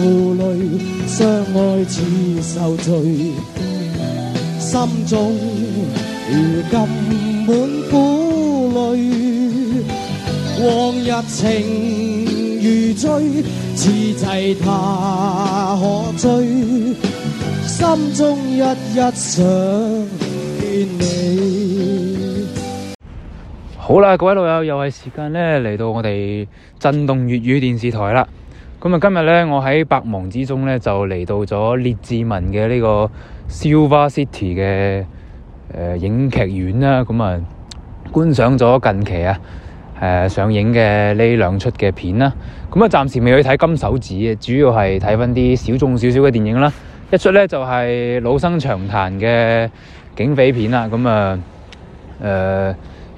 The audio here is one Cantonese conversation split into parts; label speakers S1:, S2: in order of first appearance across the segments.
S1: 負累，相愛似受罪，心中如今滿苦淚，往日情如醉，似際他可追，心中一一想見你。好啦，各位老友，又係時間呢嚟到我哋震動粵語電視台啦。今日咧，我喺百忙之中咧，就嚟到咗列治文嘅呢個 Silver City 嘅誒影劇院啦。咁、嗯、啊，觀賞咗近期啊誒、呃、上映嘅呢兩出嘅片啦。咁、嗯、啊，暫時未去睇《金手指》，主要係睇翻啲小眾少少嘅電影啦。一出咧就係、是、老生常談嘅警匪片啦。咁、嗯、啊，誒、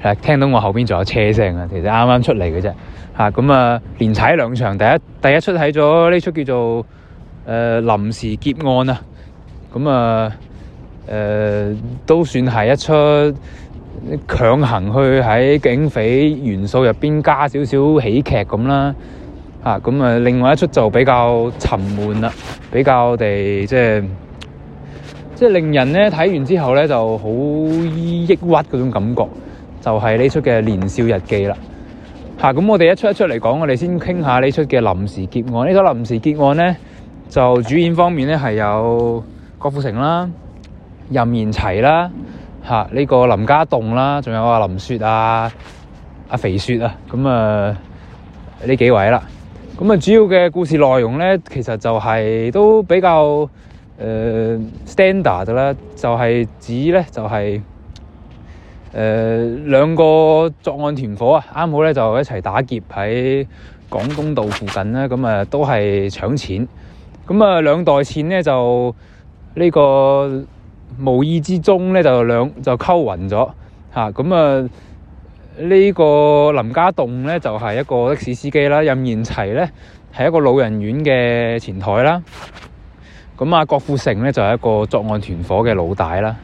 S1: 呃，聽到我後邊仲有車聲啊，其實啱啱出嚟嘅啫。吓咁啊，連踩兩場，第一第一出睇咗呢出叫做誒、呃、臨時劫案啊，咁啊誒、呃、都算係一出強行去喺警匪元素入邊加少少喜劇咁啦。吓、啊、咁啊，另外一出就比較沉悶啦、啊，比較我哋即係即係令人咧睇完之後咧就好抑鬱嗰種感覺，就係、是、呢出嘅年少日記啦。嚇！咁、啊、我哋一出一出嚟講，我哋先傾下呢出嘅《臨時劫案》，呢出《臨時劫案》咧，就主演方面咧係有郭富城啦、任賢齊啦、嚇、啊、呢、這個林家棟啦，仲有阿、啊、林雪啊、阿、啊、肥雪啊，咁啊呢幾位啦。咁啊，主要嘅故事內容咧，其實就係都比較誒、呃、standard 啦，就係、是、指咧就係、是。誒、呃，兩個作案團伙啊，啱好咧就一齊打劫喺廣東道附近啦，咁啊都係搶錢，咁啊兩袋錢呢，就呢、這個無意之中咧就兩就溝混咗吓，咁啊呢、啊這個林家棟咧就係、是、一個的士司機啦，任賢齊咧係一個老人院嘅前台啦，咁啊郭富城咧就係、是、一個作案團伙嘅老大啦。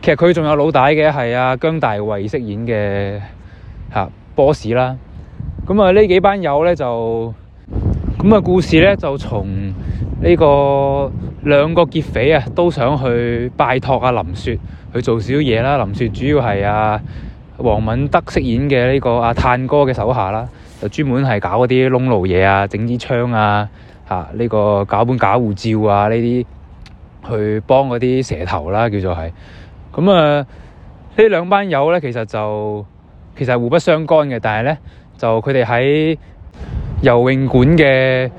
S1: 其實佢仲有老大嘅，係阿姜大衛飾演嘅吓 boss 啦。咁啊呢幾班友咧就咁啊，故事咧就從呢個兩個劫匪啊都想去拜託阿、啊、林雪去做少嘢啦。林雪主要係阿王敏德飾演嘅呢個阿、啊、探哥嘅手下啦,就專門係搞嗰啲窿路嘢啊，整支槍啊吓、啊、呢個搞本假護照啊呢啲，去幫嗰啲蛇頭啦叫做係。咁啊，呢兩班友咧，其實就其實互不相干嘅，但係咧就佢哋喺游泳館嘅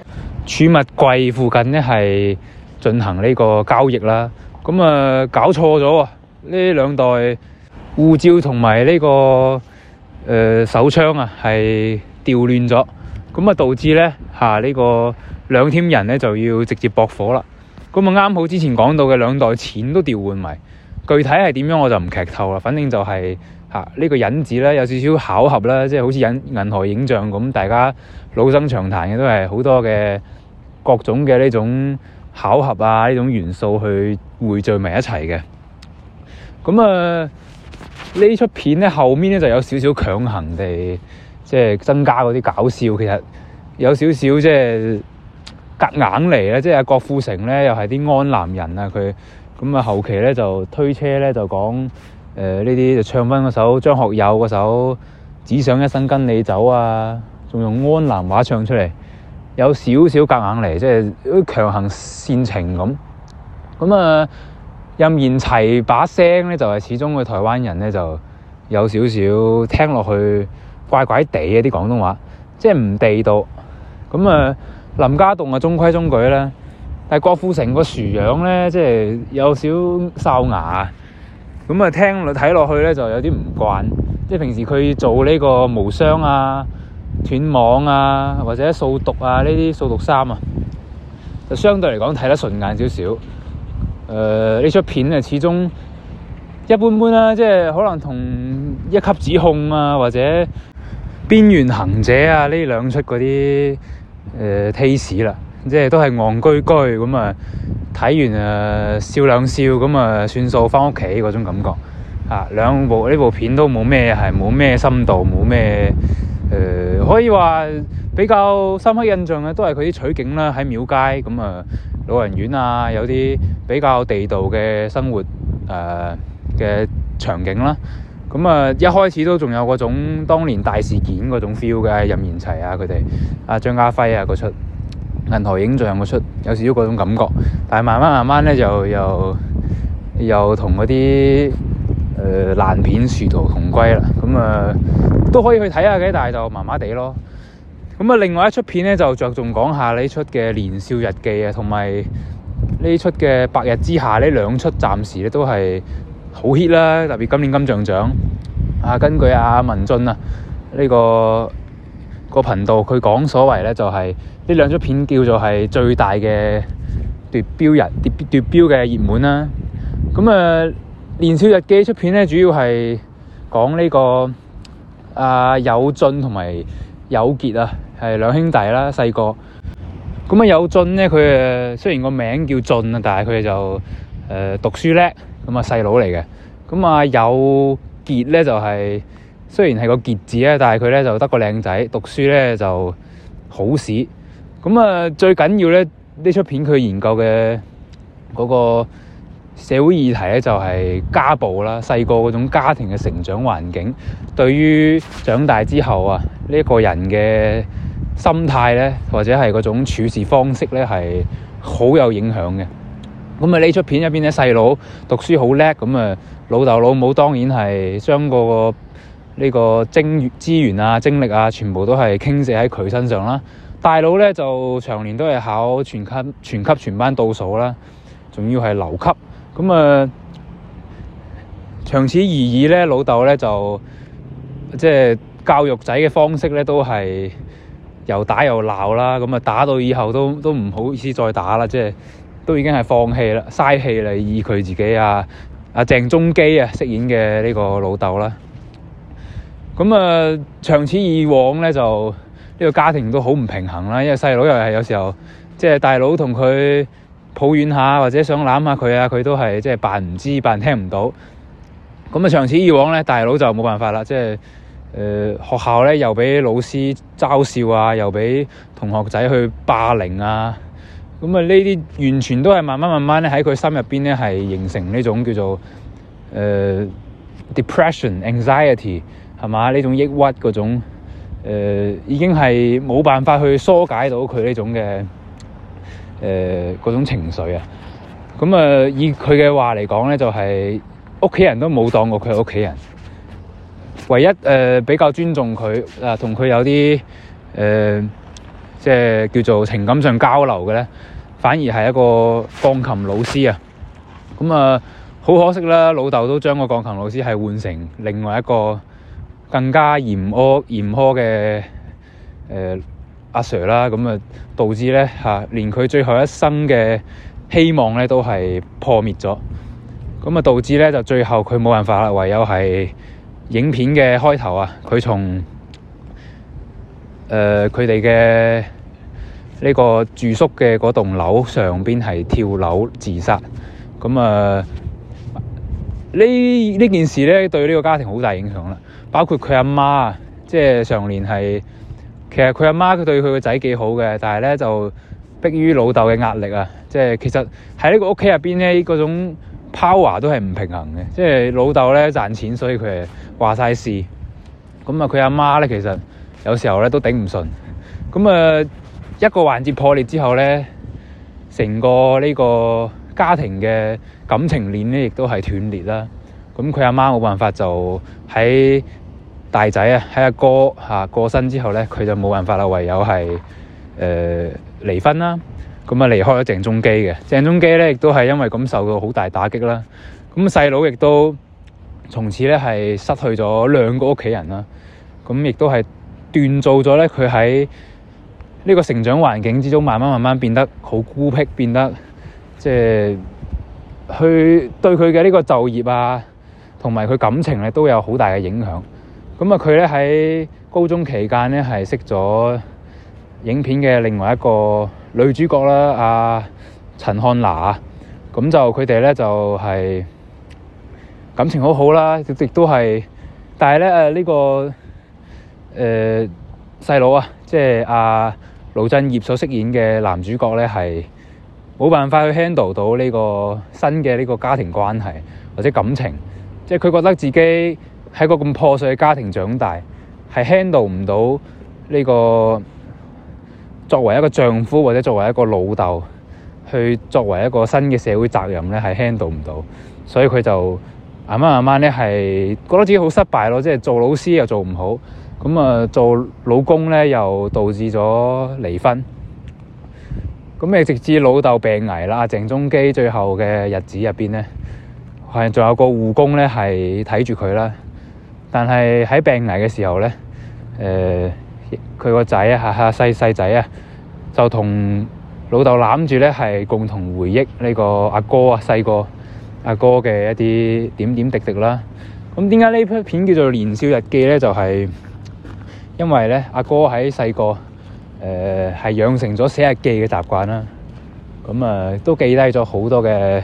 S1: 儲物櫃附近咧，係進行呢個交易啦。咁啊，搞錯咗呢兩袋護照同埋呢個誒、呃、手槍啊，係調亂咗，咁啊導致咧吓呢、啊這個兩 team 人咧就要直接駁火啦。咁啊啱好之前講到嘅兩袋錢都調換埋。具體係點樣我就唔劇透啦，反正就係吓呢個引子咧，有少少巧合啦，即係好似引銀河映像咁，大家老生常談嘅都係好多嘅各種嘅呢種巧合啊，呢種元素去匯聚埋一齊嘅。咁啊呢出片咧後面咧就有少少強行地即係增加嗰啲搞笑，其實有少少即係夾硬嚟，咧，即係郭富城咧又係啲安南人啊佢。咁啊，後期呢就推車呢就講，誒呢啲就唱翻嗰首張學友嗰首《只想一生跟你走》啊，仲用安南話唱出嚟，有少少夾硬嚟，即係強行煽情咁。咁、嗯、啊，任賢齊把聲呢，就係、是、始終嘅台灣人呢，就有少少聽落去怪怪地嘅啲廣東話，即係唔地道。咁、嗯、啊、嗯，林家棟嘅中規中矩呢。但郭富城個薯樣咧，即係有少哨牙，咁啊聽落睇落去咧就有啲唔慣。即係平時佢做呢個無雙啊、斷網啊或者掃毒啊呢啲掃毒三啊，就相對嚟講睇得順眼少少。誒、呃、呢出片啊，始終一般般啦、啊，即係可能同一級指控啊或者邊緣行者啊呢兩出嗰啲誒 taste 啦。即係都係憨居居咁啊！睇完啊，笑兩笑咁啊，算數返屋企嗰種感覺啊。兩部呢部片都冇咩係冇咩深度，冇咩誒可以話比較深刻印象嘅，都係佢啲取景啦，喺廟街咁啊，老人院啊，有啲比較地道嘅生活誒嘅、呃、場景啦。咁啊，一開始都仲有嗰種當年大事件嗰種 feel 嘅任賢齊啊，佢哋啊張家輝啊嗰出。銀河映像做唔出，有少少嗰種感覺，但係慢慢慢慢咧，就又又同嗰啲誒爛片殊途同歸啦。咁啊、呃、都可以去睇下嘅，但係就麻麻地咯。咁啊，另外一出片咧就着重講下呢出嘅《年少日記》啊，同埋呢出嘅《白日之下》呢兩出，暫時咧都係好 hit 啦。特別今年金像獎啊，根據阿文俊啊、這、呢個、這個頻道佢講所謂咧，就係、是。呢兩出片叫做係最大嘅奪標人，奪奪標嘅熱門啦。咁啊，呃《年少日記》出片咧，主要係講呢個啊友俊同埋友傑啊，係兩、啊、兄弟啦。細個咁啊，友俊咧，佢誒雖然個名叫俊啊，但係佢就誒讀書叻，咁啊細佬嚟嘅。咁啊，友傑咧就係雖然係個傑字啊，但係佢咧就得個靚仔，讀書咧、就是、就，就好屎。咁啊，最緊要咧，呢出片佢研究嘅嗰個社會議題咧，就係家暴啦。細個嗰種家庭嘅成長環境，對於長大之後啊，呢、這、一個人嘅心態咧，或者係嗰種處事方式咧，係好有影響嘅。咁啊，呢出片入邊咧，細佬讀書好叻，咁啊，老豆老母當然係將個呢個精資源啊、精力啊，全部都係傾瀉喺佢身上啦。大佬咧就長年都係考全級全級全班倒數啦，仲要係留級。咁啊、呃，長此而已咧，老豆咧就即係、就是、教育仔嘅方式咧，都係又打又鬧啦。咁啊，打到以後都都唔好意思再打啦，即、就、係、是、都已經係放棄啦，嘥氣嚟。以佢自己啊，阿、啊、鄭中基啊飾演嘅呢個老豆啦。咁啊、呃，長此以往咧就。呢個家庭都好唔平衡啦，因為細佬又係有時候即係、就是、大佬同佢抱怨下，或者想攬下佢啊，佢都係即係扮唔知、扮聽唔到。咁啊，長此以往咧，大佬就冇辦法啦，即係誒學校咧又畀老師嘲笑啊，又畀同學仔去霸凌啊。咁啊，呢啲完全都係慢慢慢慢咧喺佢心入邊咧係形成呢種叫做誒、呃、depression An iety、anxiety，係嘛，呢種抑鬱嗰種。誒、呃，已經係冇辦法去疏解到佢呢種嘅誒嗰種情緒啊！咁、嗯、啊、呃，以佢嘅話嚟講咧，就係屋企人都冇當過佢係屋企人，唯一誒、呃、比較尊重佢啊，同、呃、佢有啲誒、呃、即係叫做情感上交流嘅咧，反而係一個鋼琴老師啊！咁、嗯、啊，好、呃、可惜啦，老豆都將個鋼琴老師係換成另外一個。更加嚴苛嚴苛嘅誒阿 Sir 啦，咁、呃、啊導致咧嚇、啊、連佢最後一生嘅希望咧都係破滅咗，咁、嗯、啊導致咧就最後佢冇辦法啦，唯有係影片嘅開頭啊，佢從誒佢哋嘅呢個住宿嘅嗰棟樓上邊係跳樓自殺，咁啊呢呢件事咧對呢個家庭好大影響啦。包括佢阿媽啊，即係常年係，其實佢阿媽佢對佢個仔幾好嘅，但係咧就迫於老豆嘅壓力啊，即係其實喺呢個屋企入邊咧，嗰種 power 都係唔平衡嘅，即係老豆咧賺錢，所以佢係話晒事，咁啊佢阿媽咧其實有時候咧都頂唔順，咁啊一個環節破裂之後咧，成個呢個家庭嘅感情鏈咧亦都係斷裂啦。咁佢阿媽冇辦法就喺大仔啊，喺阿哥吓過身之後咧，佢就冇辦法啦，唯有係誒離婚啦。咁啊離開咗鄭中基嘅，鄭中基咧亦都係因為咁受到好大打擊啦。咁細佬亦都從此咧係失去咗兩個屋企人啦。咁亦都係鍛造咗咧，佢喺呢個成長環境之中，慢慢慢慢變得好孤僻，變得即係去對佢嘅呢個就業啊。同埋佢感情咧都有好大嘅影響。咁啊，佢咧喺高中期間咧係識咗影片嘅另外一個女主角啦，阿陳漢娜。咁就佢哋咧就係、是、感情好好啦，亦亦都係。但係咧誒呢、啊這個誒細佬啊，即係阿盧振業所飾演嘅男主角咧，係冇辦法去 handle 到呢個新嘅呢個家庭關係或者感情。即係佢覺得自己喺個咁破碎嘅家庭長大，係 handle 唔到呢個作為一個丈夫或者作為一個老豆，去作為一個新嘅社會責任咧，係 handle 唔到，所以佢就慢慢慢慢咧係覺得自己好失敗咯。即係做老師又做唔好，咁啊做老公咧又導致咗離婚，咁你直至老豆病危啦，鄭中基最後嘅日子入邊咧。係，仲有個護工咧，係睇住佢啦。但係喺病危嘅時候咧，誒、呃，佢個仔吓吓細細仔啊，哈哈就同老豆攬住咧，係共同回憶呢個阿哥啊，細個阿哥嘅一啲點點滴滴啦。咁點解呢篇片叫做《年少日記》咧？就係、是、因為咧，阿哥喺細個誒，係、呃、養成咗寫日記嘅習慣啦。咁啊，都記低咗好多嘅。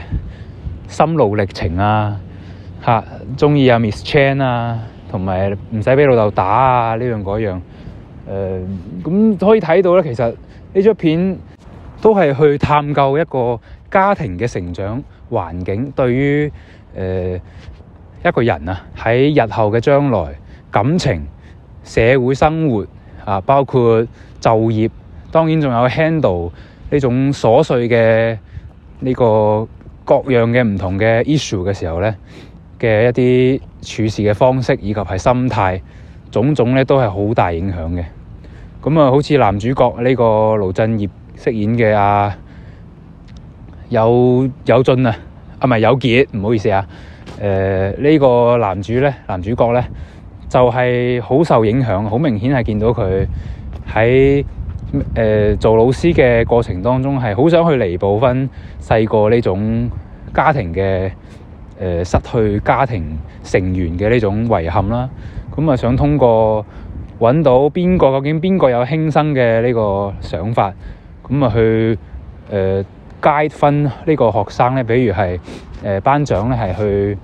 S1: 心路歷程啊，嚇中意啊 Miss Chan 啊，同埋唔使畀老豆打啊呢樣嗰樣，誒咁可以睇到咧，其實呢張片都係去探究一個家庭嘅成長環境對於誒一個人啊喺日後嘅將來感情、社會生活啊，包括就業，當然仲有 handle 呢種瑣碎嘅呢個，各樣嘅唔同嘅 issue 嘅時候咧，嘅一啲處事嘅方式以及係心態，種種咧都係好大影響嘅。咁啊，好似男主角呢個盧振業飾演嘅阿、啊、有有俊啊，啊唔係有傑，唔好意思啊。誒、呃，呢、這個男主咧，男主角咧就係、是、好受影響，好明顯係見到佢喺。呃、做老師嘅過程當中係好想去彌補翻細個呢種家庭嘅誒、呃、失去家庭成員嘅呢種遺憾啦。咁啊，想通過揾到邊個，究竟邊個有輕生嘅呢個想法，咁啊去誒階分呢個學生咧，比如係誒、呃、班長咧，係去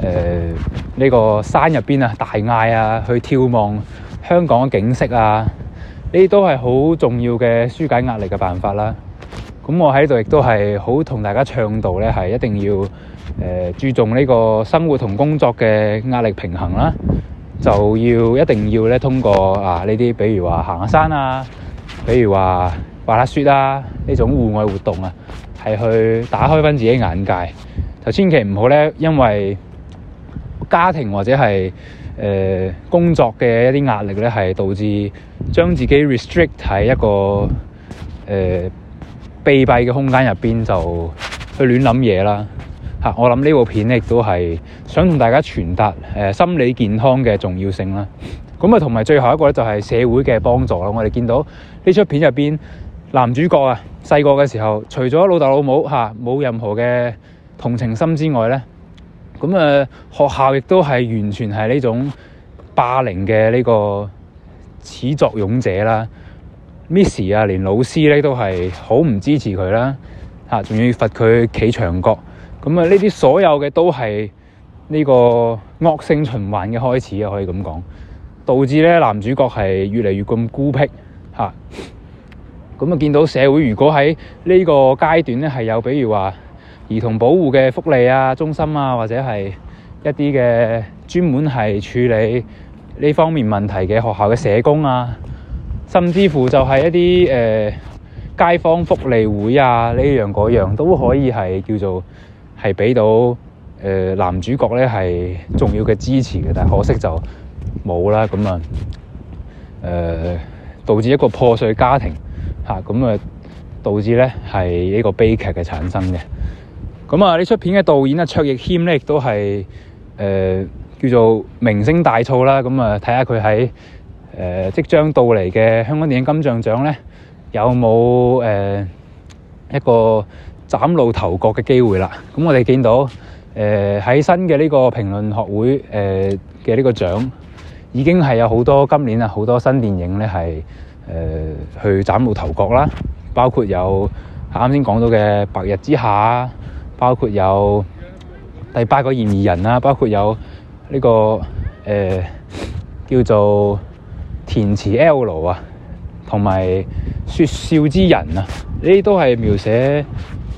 S1: 誒呢、呃呢個山入邊啊，大嗌啊，去眺望香港嘅景色啊。呢啲都係好重要嘅舒解壓力嘅辦法啦。咁我喺度亦都係好同大家倡導咧，係一定要誒、呃、注重呢個生活同工作嘅壓力平衡啦。就要一定要咧通過啊呢啲，比如話行下山啊，比如話滑下雪啊呢種戶外活動啊，係去打開翻自己眼界。就千祈唔好咧，因為家庭或者係。誒、呃、工作嘅一啲壓力咧，係導致將自己 restrict 喺一個誒密閉嘅空間入邊，就去亂諗嘢啦。嚇、啊，我諗呢部片亦都係想同大家傳達誒、呃、心理健康嘅重要性啦。咁啊，同埋最後一個咧，就係、是、社會嘅幫助啦。我哋見到呢出片入邊男主角啊，細個嘅時候，除咗老豆老母嚇冇、啊、任何嘅同情心之外咧。咁啊，學校亦都係完全係呢種霸凌嘅呢個始作俑者啦。Miss 啊，連老師咧都係好唔支持佢啦。嚇，仲要罰佢企牆角。咁啊，呢啲所有嘅都係呢個惡性循環嘅開始啊，可以咁講，導致咧男主角係越嚟越咁孤僻嚇。咁啊，見到社會如果喺呢個階段咧係有，比如話，兒童保護嘅福利啊、中心啊，或者係一啲嘅專門係處理呢方面問題嘅學校嘅社工啊，甚至乎就係一啲誒、呃、街坊福利會啊，呢樣嗰樣都可以係叫做係畀到誒、呃、男主角咧係重要嘅支持嘅，但係可惜就冇啦，咁啊誒導致一個破碎家庭嚇，咁啊導致咧係呢一個悲劇嘅產生嘅。咁啊，呢出片嘅導演啊，卓亦謙咧，亦都係誒叫做名聲大噪啦。咁、嗯、啊，睇下佢喺誒即將到嚟嘅香港電影金像獎咧，有冇誒、呃、一個嶄露頭角嘅機會啦？咁、嗯、我哋見到誒喺、呃、新嘅呢個評論學會誒嘅呢個獎，已經係有好多今年啊好多新電影咧係誒去嶄露頭角啦，包括有啱先講到嘅《白日之下》。包括有第八個嫌疑人啦，包括有呢、這個誒、呃、叫做填詞 L 啊，同埋説笑之人啊，呢啲都係描寫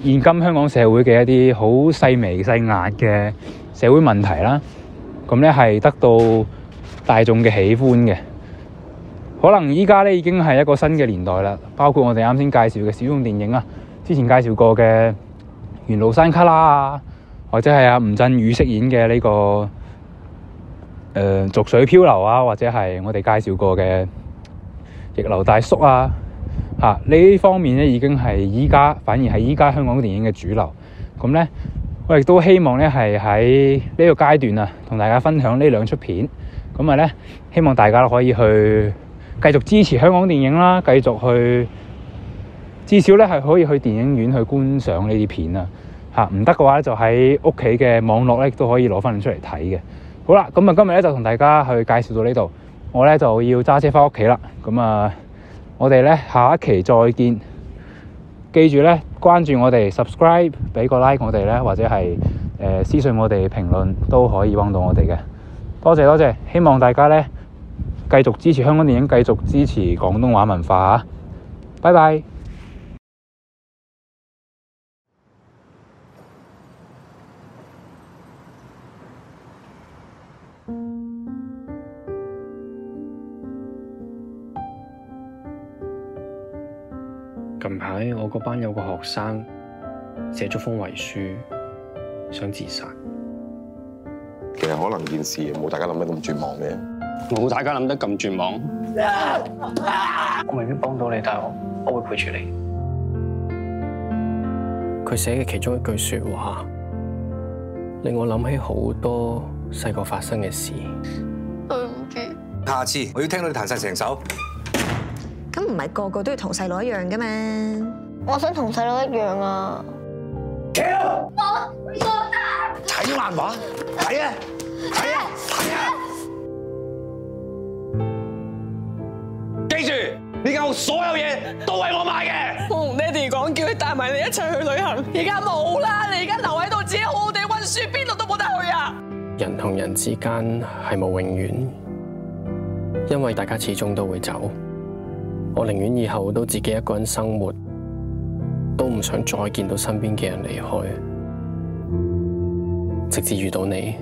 S1: 現今香港社會嘅一啲好細微細壓嘅社會問題啦。咁咧係得到大眾嘅喜歡嘅。可能而家咧已經係一個新嘅年代啦。包括我哋啱先介紹嘅小眾電影啊，之前介紹過嘅。沿路山卡拉啊，或者係阿吳鎮宇飾演嘅呢、這個誒，濁、呃、水漂流啊，或者係我哋介紹過嘅逆流大叔啊，吓、啊、呢方面咧已經係而家，反而係而家香港電影嘅主流。咁咧，我亦都希望咧係喺呢個階段啊，同大家分享呢兩出片。咁啊咧，希望大家可以去繼續支持香港電影啦，繼續去。至少咧係可以去電影院去觀賞呢啲片啊。吓、唔得嘅話咧就喺屋企嘅網絡咧都可以攞翻出嚟睇嘅。好啦，咁啊，今日咧就同大家去介紹到呢度，我咧就要揸車翻屋企啦。咁啊，我哋咧下一期再見，記住咧關注我哋 subscribe，俾個 like 我哋咧，或者係誒、呃、私信我哋評論都可以幫到我哋嘅。多謝多謝，希望大家咧繼續支持香港電影，繼續支持廣東話文化啊！拜拜。近排我個班有個學生寫咗封遺書，想自殺。其實可能件事冇大家諗得咁絕望嘅。冇大家諗得咁絕望。我未必幫到你，但係我我會陪住你。佢寫嘅其中一句說話。令我諗起好多細個發生嘅事。對唔住，下次我要聽到你彈晒成首。咁唔係個個都要同細佬一樣嘅嘛？我想同細佬一樣啊！企啊，我睇漫畫，睇啊，睇 啊，睇啊！呢間屋所有嘢都係我買嘅。我同爹哋講，叫佢帶埋你一齊去旅行。而家冇啦，你而家留喺度自己好好地溫書，邊度都冇得去啊！人同人之間係冇永遠，因為大家始終都會走。我寧願以後都自己一個人生活，都唔想再見到身邊嘅人離開，直至遇到你。